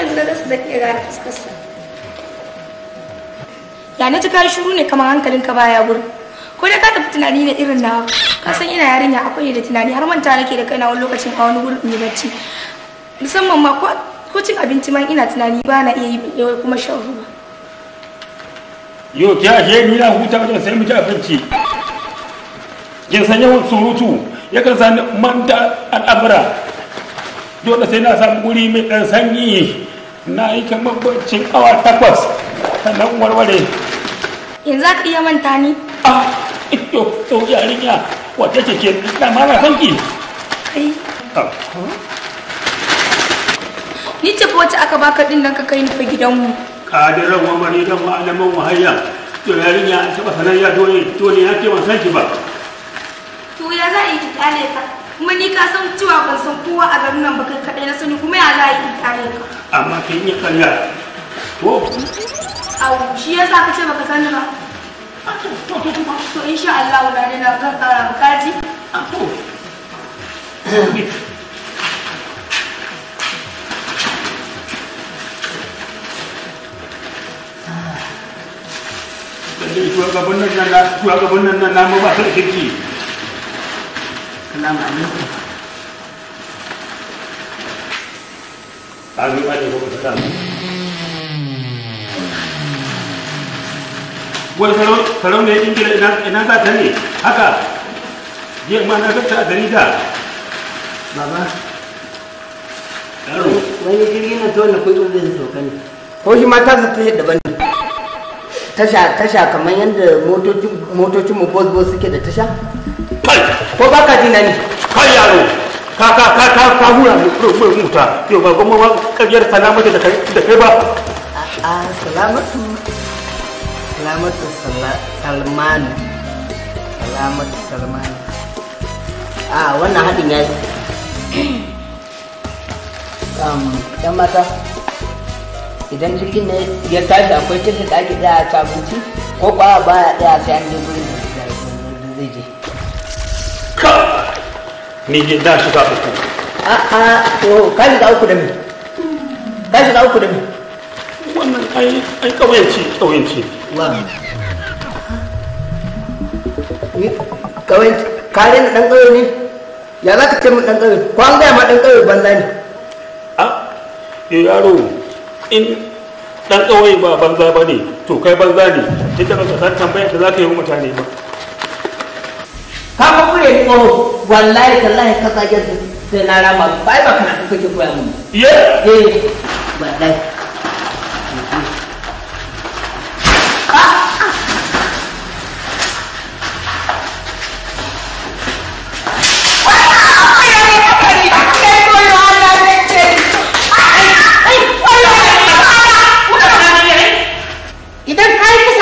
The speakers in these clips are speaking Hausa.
yanzu na gasa zan iya gane fuskarsa ya na ji ka ne kamar ka baya gurin ko da ka tafi tunani na irin nawa ka san ina yarinya akwai da tunani har manta nake da kaina wani lokacin a wani gurin bacci musamman ma ko cin abinci ma ina tunani ba na iya yi yawai kuma shan ruwa yau kya ashe ni na huta wajen sai mu ci abinci Ke san yawan surutu kan san manta al'amura da sai na samu guri mai ɗan sanyi na yi kamar baccin awa takwas nan warware yanzu aka iya manta ni a ah, ito to yarinya wata ce ke na mara sanki ah. ni ce wacce aka baka din nan ka kai ni fa gidanmu kadiran wa idan wa alaman wa hayya to yarinya ta ba sanar ya dole dole ya ce ban sanki ba to ya za a yi ki kale ka kuma ni ka san cewa ban san kowa a garin nan ba kai kadai na sani kuma ya za a yi kare ka amma kin yi kanya to au shi yasa ka ce baka sani ba ah, to insha Allah na ne na kan bukati. bukaci to shugaban nan na shugaban nan na ma ba ta kirki السلام عليكم عليكم السلام wani salon da ya ingila ina za ta ne haka yi ma na gabta a jarida baba yaro wani jirgin na tona kudin zai sauka ne ko shi mata su ta daban ne tasha tasha kamar yadda motocin mu bos bos suke da tasha ko baka ka jina ne kai yaro ka ka ka ka ka hura mu mu mu ta yo ba goma wa kabiyar salamatu da kai da kai ba a salamatu salamatu salmanu salamatu salmanu a wannan haɗin ya yi dan mata idan jirgin ne ya tashi akwai tashin da ake a abinci ko kwa ba ya sai an je gurin da zai je ni ji da shiga uku a to ka uku da me ka da wannan ai ai kauyanci kawai dan ne ya za ka ce mu dan kauye ko an gaya ma dan kauye banza ne a yaro in dan kauye ba banza ba ne to kai banza ne ita ba ka san tambayar da za ka yi wa mutane ba mai tsoro ka zage sai na rama ba ba kana ka kake koya mun ye eh wallahi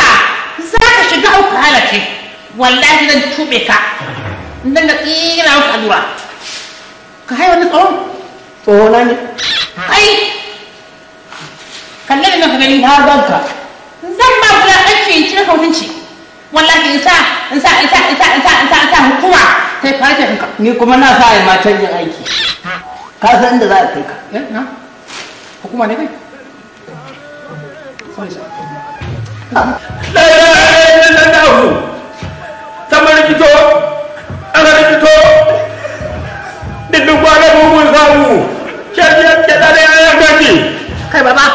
ah, ah. kisa shiga wallahi zan tube ka ndanda kila mtu ajura ka hayo ni ne ai kaga yin har banka zan ba ku lakanci in cire kautunci wallahi in sa in sa in sa in sa in sa in sa in sa hukuma ta fara ɗinka ni kuma na sa ai matan yin aiki ka san inda za a kai ka eh, hukuma ne kai sorry sir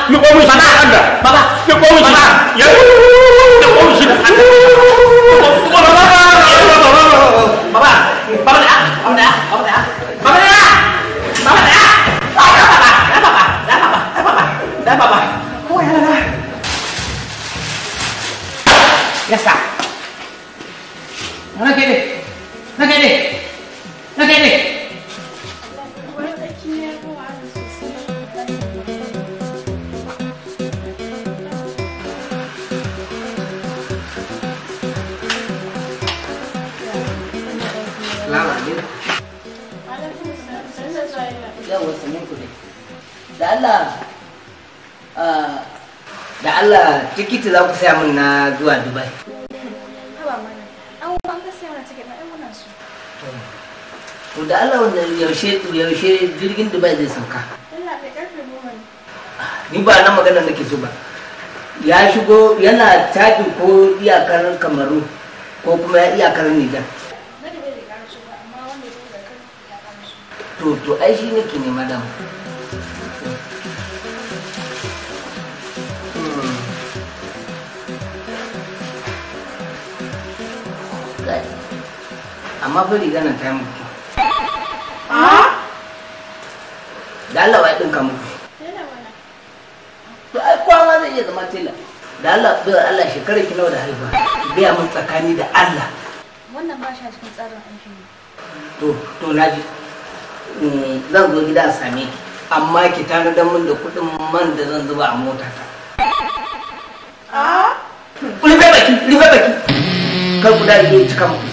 你不要说那，你不要说那，你光要说那。da Allah wannan yaushe yaushe jirgin Dubai zai sauka ni ba nan magana nake so ba ya shigo yana taki ko iyakar kamaru ko kuma ya iyakar Nijar to to ai shi nake ne madam hmm. amma bari gana ta mutu da Allah wai ɗinka muku to ai kowa zai iya zama tela da Allah bai Allah shekarar ki da haifa biya mun tsakani da Allah wannan ba shi cikin tsarin to to naji mm, zan zo gida a same ki amma ki tanadar min da kuɗin man da zan zuba a mota ta rufe baki rufe baki kar ku biyu cika muku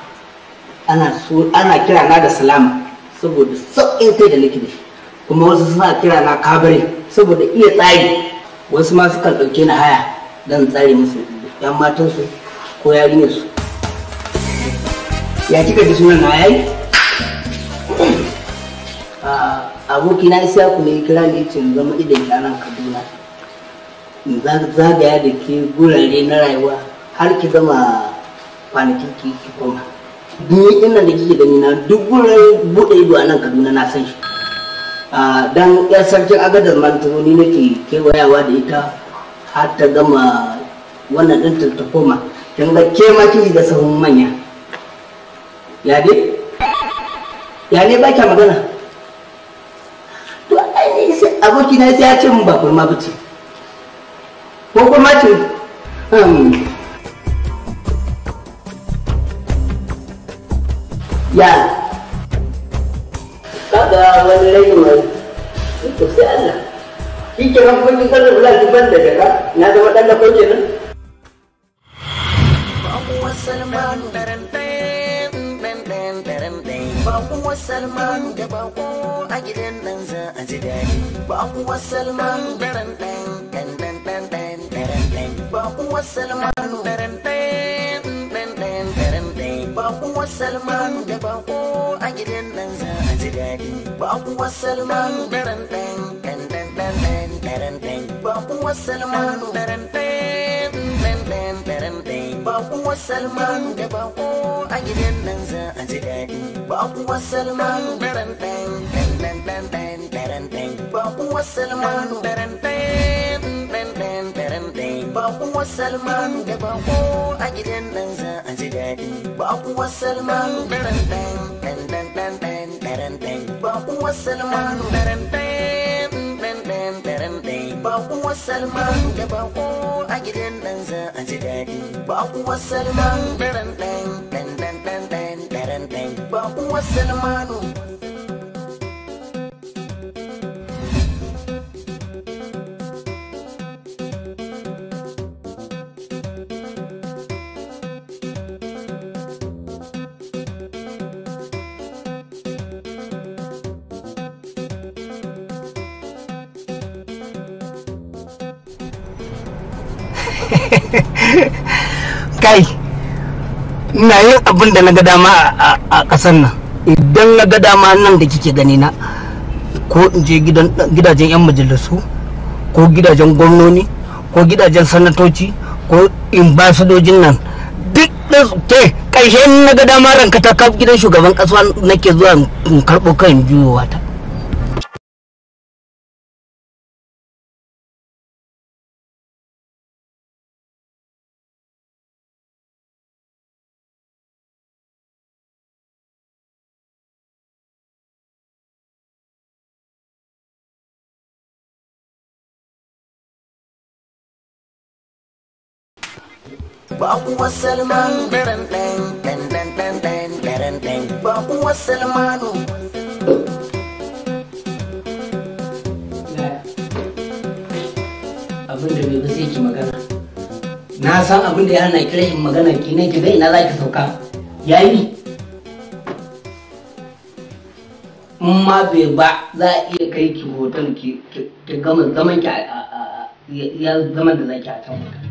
ana kirana kira na da salama saboda sauƙin kai da nake kuma wasu suna kira na kabare saboda iya tsari wasu masu sukan na haya don tsari musu yan matansu ko su. ya kika ji sunan na yayi ah, aboki na isa ku ne kira ne ce zama idan ki anan kaduna zagaya da ke gurare na rayuwa har ki gama kwanakin ki koma ni inda da kike gani na duk gurin buɗe ido a nan kaduna na san shi dan yar sarkin agadar mantuwa ni nake kewayawa da ita har ta gama wannan ɗin ta koma kin ga ke ma kike ga sahun manya ya dai ya ne ba kya magana to ai sai aboki na sai ya ce mun ba kurma bace ko kuma ce hmm. ya kaga wani layi mai ko sai Allah shi ke kun kan da bula ban da daga na zama dan da kenan babu Salmanu da a gidan nan za a ji daɗi. Bakuwar Salmanu daren ɗan Salmanu kuwa salmanu da bako a gidan nan za a ji daɗi bakuwar salmanu daren ɗan ɗan ɗan ɗan ɗan daren ɗan kuwa salmanu daren ɗan ɗan ɗan daren ɗan kuwa salmanu da bako a gidan nan za a ji daɗi bakuwar salmanu daren ɗan ɗan ɗan ɗan ɗan daren ba kuwa salmanu daren ɗan Bakuwar Salmanu da bako a gidan za a ji daɗi. Bakuwar Salmanu da Salmanu da Salmanu da bako a gidan za a ji daɗi. Bakuwar Salmanu da ran ɗan ɗan ɗan ɗan ɗan ɗan Salmanu. kai na yin abin da na ga dama a kasar nan idan na ga dama nan da kike gani na ko in je gidajen 'yan majalisu ko gidajen gwamnoni ko gidajen sanatoci ko imbasadojin nan duk da ke ƙarshen na ga dama ranka ta gidan shugaban kasuwa nake zuwa in karɓo kan juyowa ta Bakuwar Salmanu ɗan ɗan Salmanu. Abin da bai sai ki magana. Na san abin da ya hana kira in magana ki ne ki ga na za ki sauka. Yayi. In ma bai ba za a iya kai ki hoton ki gama zaman ki a zaman da za ki a can.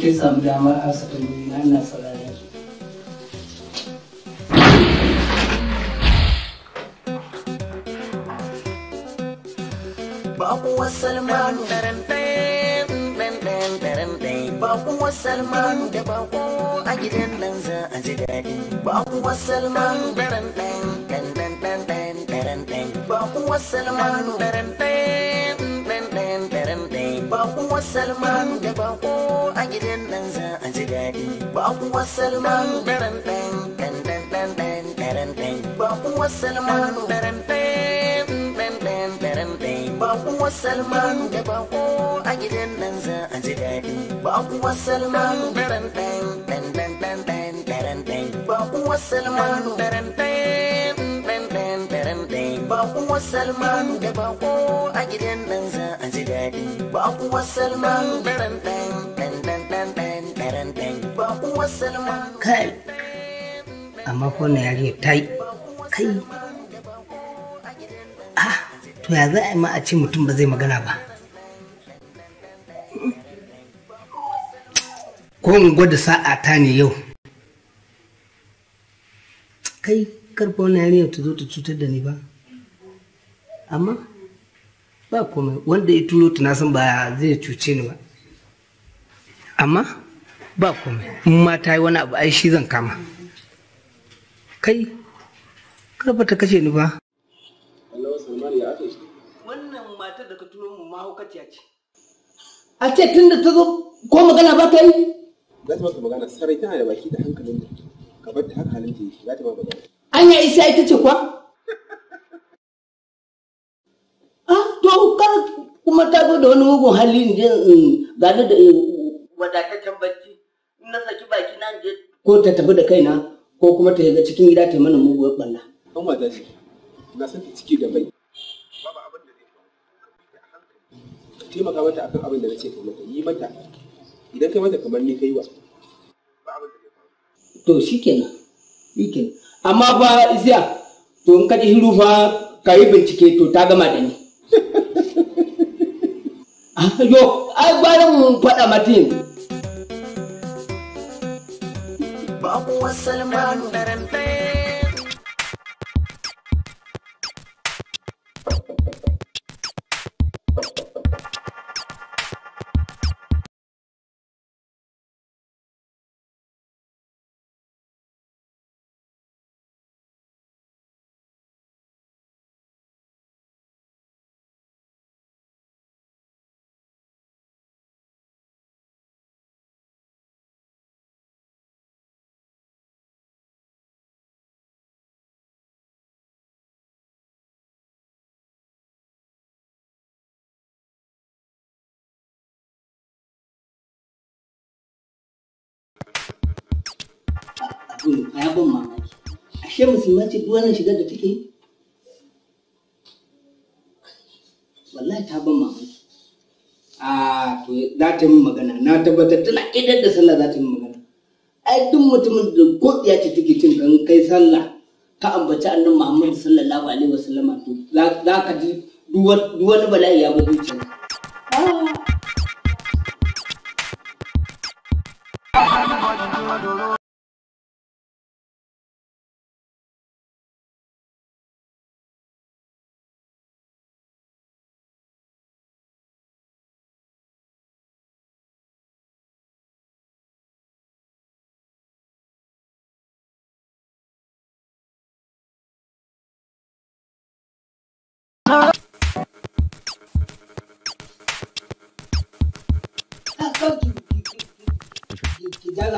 ke samu damar hasa tambayoyi na ina sauraron su Bakuwa Salmanu Bakuwa Salmanu da bako a gidan nan za a ji daɗi Bakuwa Salmanu Bakuwa Salmanu Bakuwar Salman da bako a gidan nan za a ji daɗi. Bakuwar Salman daren ɗan ɗan ɗan ɗan ɗan daren ɗan. Bakuwar Salman daren ɗan ɗan ɗan daren ɗan. Bakuwar Salman da bako a gidan nan za a ji daɗi. Bakuwar Salman daren ɗan ɗan ɗan ɗan ɗan daren ɗan. Bakuwar Salman daren ɗan. a gidan a ji daɗi salmanu kai amma na yare tai, kai ah, to ya za a yi ma mutum ba zai magana ba ko in gwada sa'a ta ne yau kai karfa wani yarinyar ta zo ta cutar da ni ba amma ba komai wanda ya turo ta nasan ba zai cuce ni ba amma ba komai in ma ta yi wani abu ai shi zan kama kai karfa ta kashe ni ba wannan matar da ka turo mu mahaukaciya ce a ce tun da ta zo ko magana ba ta yi za ta maka magana sarai tana da baki da hankalin ka bar ta haka halin ta yi za ta ba magana anya isa ita ce kwa ah to kar kuma ta zo da wani mugun hali ne gane da wadataccen bacci na saki baki na je ko ta tafi da kaina ko kuma ta shiga cikin gida ta mana mugun balla an wada jiki na saki ciki da bai babu abin da zai taimaka mata akan abin da nace ka mata yi mata idan kai mata kamar ni kai wa to shikenan shikenan amma fa isiya to in ka ji hiru fa ka yi bincike to ta gama da ni ah, yo ai mu faɗa mata yanzu babu wasu to a ya ban mamaki ashe musulma ce duk wannan shigar da take wallahi ta ban mamaki a to za ta yi magana na tabbatar tana idan da sallah za ta yi magana ai duk mutumin da godiya ce take cin kan kai sallah ka ambaci annabi Muhammad sallallahu alaihi wasallam to za ka ji duk wani bala'i ya bi cewa.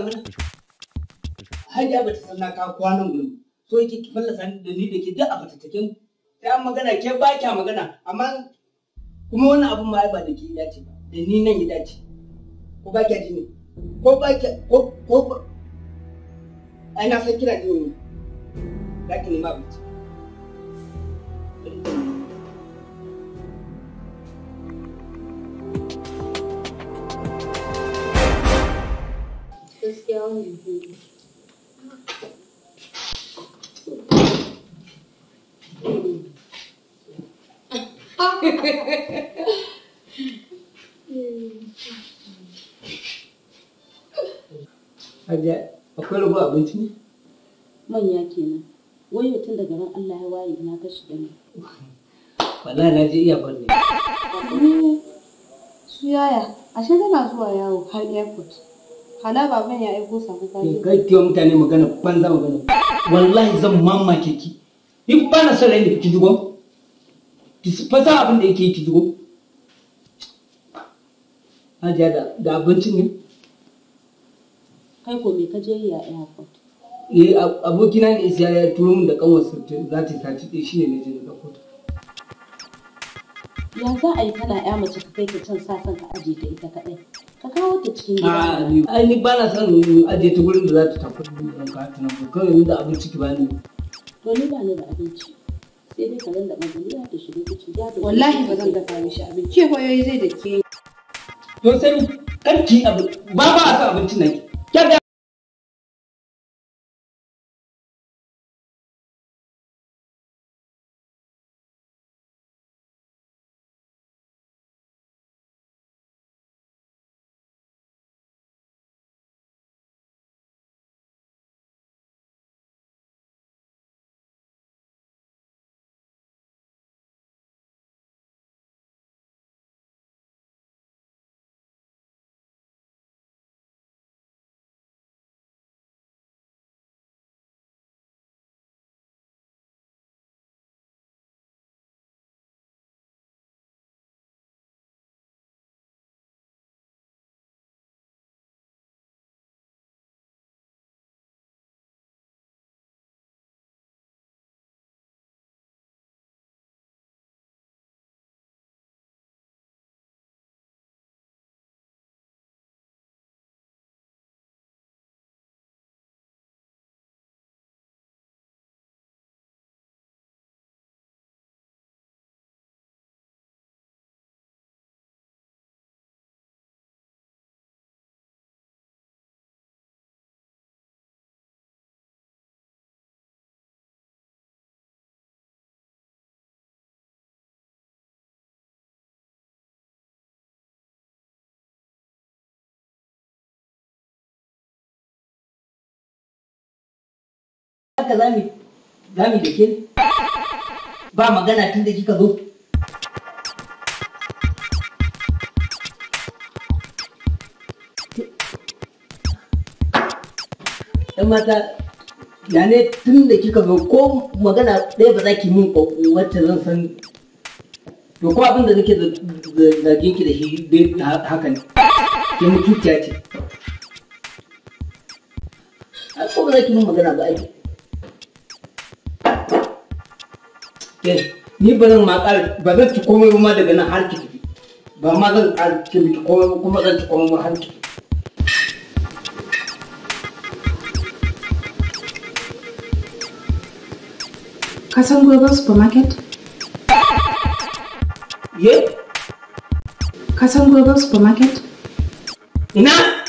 malamin hajiya ba ta san na kawo kwanan gudu so yake ki fallasa da ni da ke duk a fatattakin ta magana ke ba kya magana amma kuma wannan abun ma ba da ke ya dace da ni nan ya dace ko ba kya ji ne ko ba kya ko ko ba ai na san kira ne za ki nema abinci gaskiya ne Hajiya, akwai rabu abinci ne? Manya kenan. Wai mutum daga ran Allah ya waye na ka shiga ne. Wala na ji iya ban ne. Su yaya, ashe tana zuwa yawo har airport. hala baban ya aiko sako ka yi kai mutane magana banza magana wallahi zan mamake ki in ba na son rai ki dugo ki fasa abin da yake ki dugo Hajiya da abincin ne? Kai ko me ka je yi a airport? Eh abokina ne isa ya turo min da kanwar sirtin za ta sati ɗaya shi ne na je na ɗauko ta. Ya za a yi kana ya mace ka kai ka can sa son ka aje da ita kaɗai. ka kawo ta cikin gida ah, ai ni ba na son aje ta gurin da za ta tafi da ka ta nan kawai ni da abinci ki bani to ni ba ni da abinci sai dai kalan da majaliya ta shiga kici ya da wallahi ba zan dafa mishi abinci ke koyoyi zai da ke to sai karki ba ba a sa abincin nan haka za mu da ba magana tun da kika zo Yan mata ya ne tun da kika zo ko magana ɗaya ba za ki min wacce zan san to ko abin da nake zage ki da shi dai haka ne ke mutuciya ce ko ba za ki min magana ba aiki Eh, ni ba zan ma ƙara ba zan ci komai ma daga nan har ki ba ma zan ƙara ci miki komai ba kuma zan ci komai ma har ki Ka san Global Supermarket? Ye? Ka san Global Supermarket? Ina?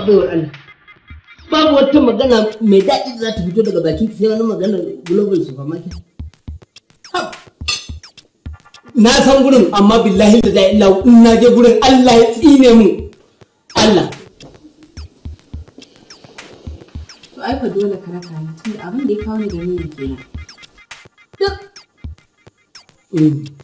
ba Allah babu wata magana mai daɗi za ta fito daga bakin sai wani magana global supermarket na san gurin amma billahi da zai illa in na je gurin Allah ya tsine mu Allah to ai fa dole tunda abin da ya kawo ni da ni kenan duk mm.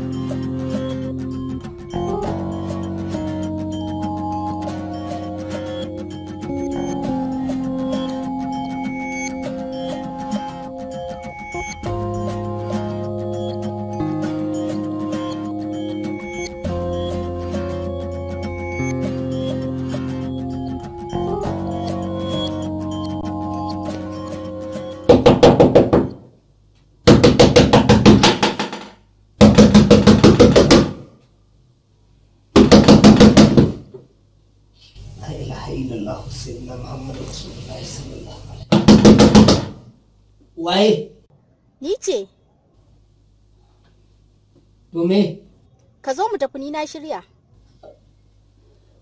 na shirya.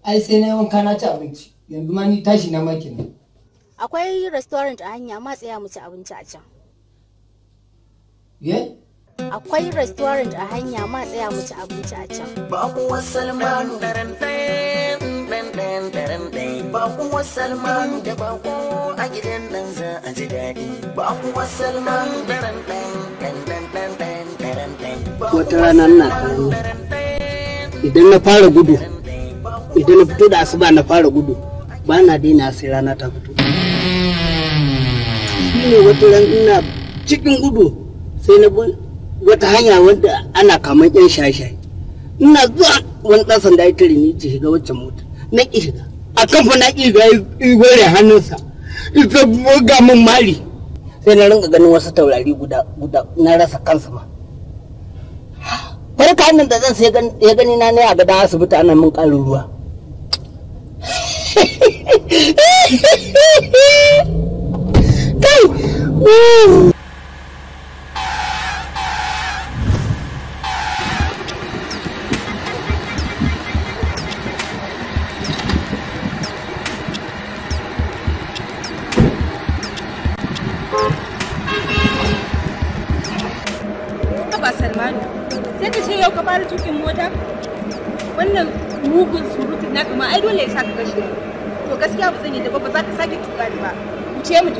Ai sai na yawan kana ci abinci, yanzu ma ni tashi na maki ne. Akwai restaurant a hanya ma tsaya mu ci abinci a can. Ye? Akwai restaurant a hanya ma tsaya mu ci abinci a can. Babu wasalmanu. Bakuwar Salmanu da bako a gidan nan za a ji daɗi. Bakuwar Salmanu Wata rana na kano. idan na fara gudu idan na fito da asuba na fara gudu ba na daina sai rana ta fito shi ne wata ran ina cikin gudu sai na wata hanya wanda ana kaman yan shashai ina zuwa wani ɗan sanda ya tare ni ci shiga wacce mota na ƙi shiga a kanfa na ƙi ga igore hannunsa ita ga mun mari sai na ringa ganin wasu taurari guda guda na rasa kansa ma wani kayan nan da zan sai ya gani na ne a gada asibiti ana min ƙarin ruwa kai to gaskiya ba zan yi da ba ba za ka sake tuka ni ba mu ce mu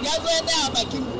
ya zo ya tsaya bakin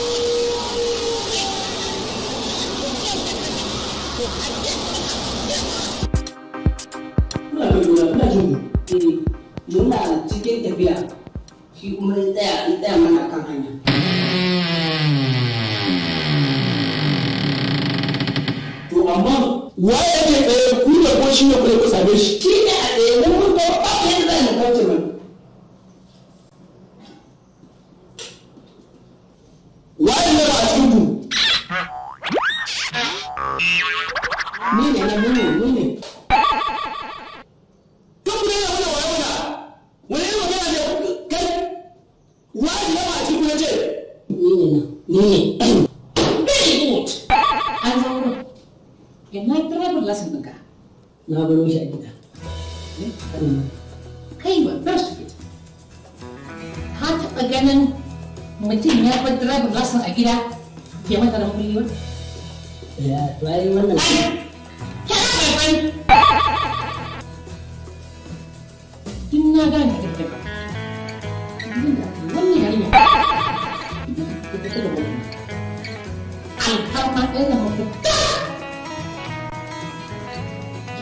muna cikin tafiya shi kuma ya tsaya ya tsaya mana kan hanya to amma waye ne tsaye ku da ko shi ne ku same shi shi ne a tsaye mun ko ba yadda zan kauce mai き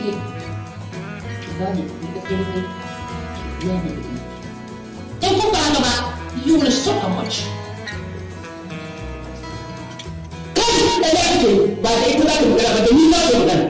何受けてる何受けてる Don't go down about you will suck much. Kai da yake ba da ita za ta magana ba da ni za ta magana.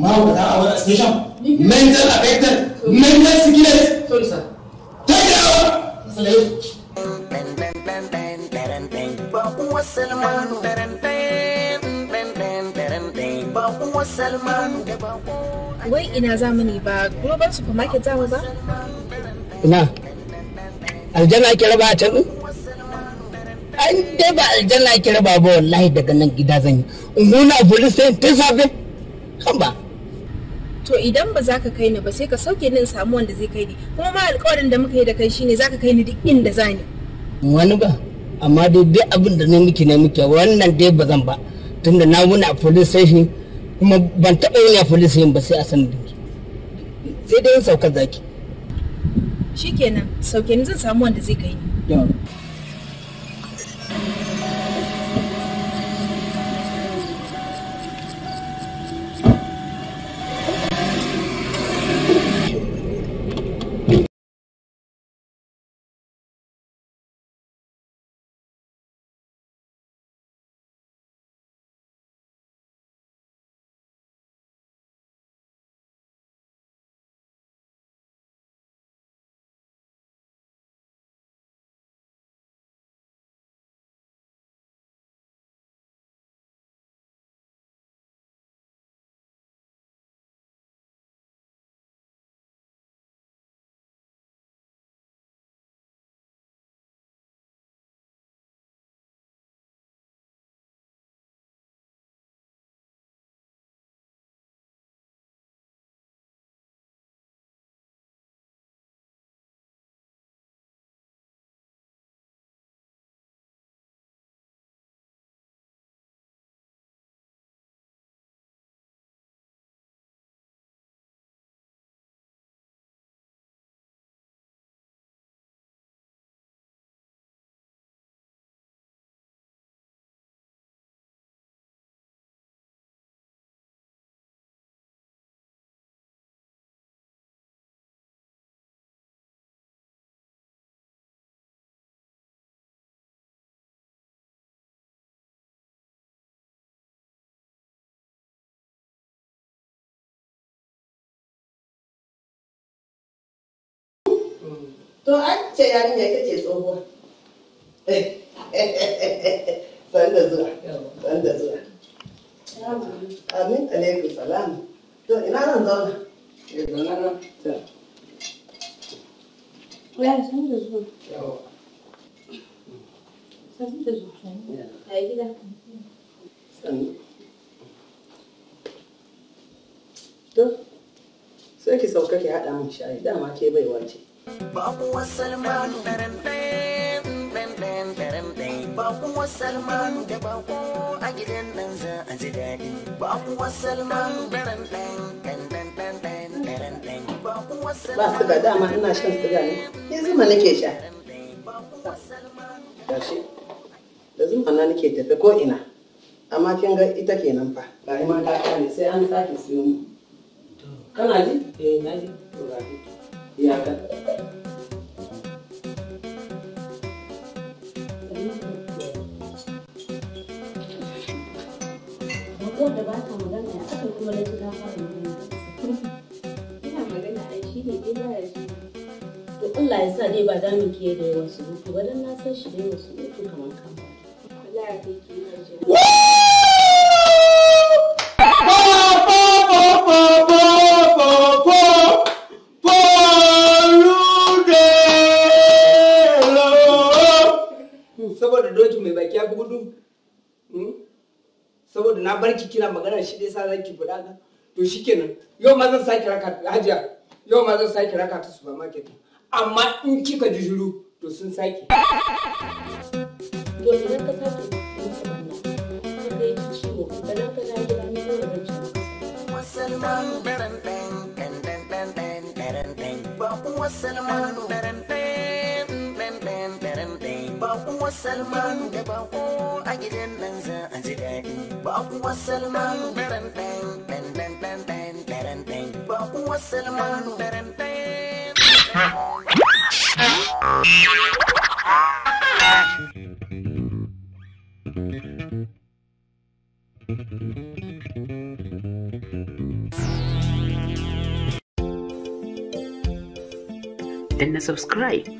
mahaukata a wani station mental affected mental sickness take yawa Bakuwa Salmanu Bakuwa Salmanu Wai ina zamani ba Global Supermarket zamu ba? Ina Aljanna ake raba a can An dai ba aljanna ake raba ba wallahi daga nan gida zan yi. In huna a police tun safe? Kan ba. to idan ba za ka kai ni ba sai ka sauke ni in samu wanda zai kai ni kuma ma alƙawarin da muka yi da kai shine za ka kai ni duk inda za ni wani ba amma dai duk abin da ne miki ne miki wannan dai ba zan ba tunda na wuni a police station kuma ban taɓa wuni a police station ba sai a san dinki sai dai in sauka zaki shikenan sauke ni zan samu wanda zai kai ni to an ce yarinya ita ce tsohuwa sai ki sauka ki haɗa min shayi dama ke baiwa ce babu wasalmanu babu wasalmanu da bako a gidan nan za a ji dadi babu wasalmanu daren ɗan ɗan ɗan ba su ga dama ina shan siga ne nake sha gashi da zuma na nake tafe ko ina amma kin ga ita kenan fa ga ma ta ne sai an sake siyo mu kana ji eh na ji to ga iyakar da magana ya ta magana Allah ya sa dai ba da yawan su ba dan na san shi kamar kamar Allah ya kai ki saboda doki mai baki ya fi gudu hmm? saboda na barki kina magana shi dai sa zaki guda ga to shikenan yau ma zan sake raka hajiya yau ma zan sake raka ta supermarket amma in kika ji shiru to sun sake to idan ka sake Salman, Salman, kuwa da bako a gidan nan za a ji subscribe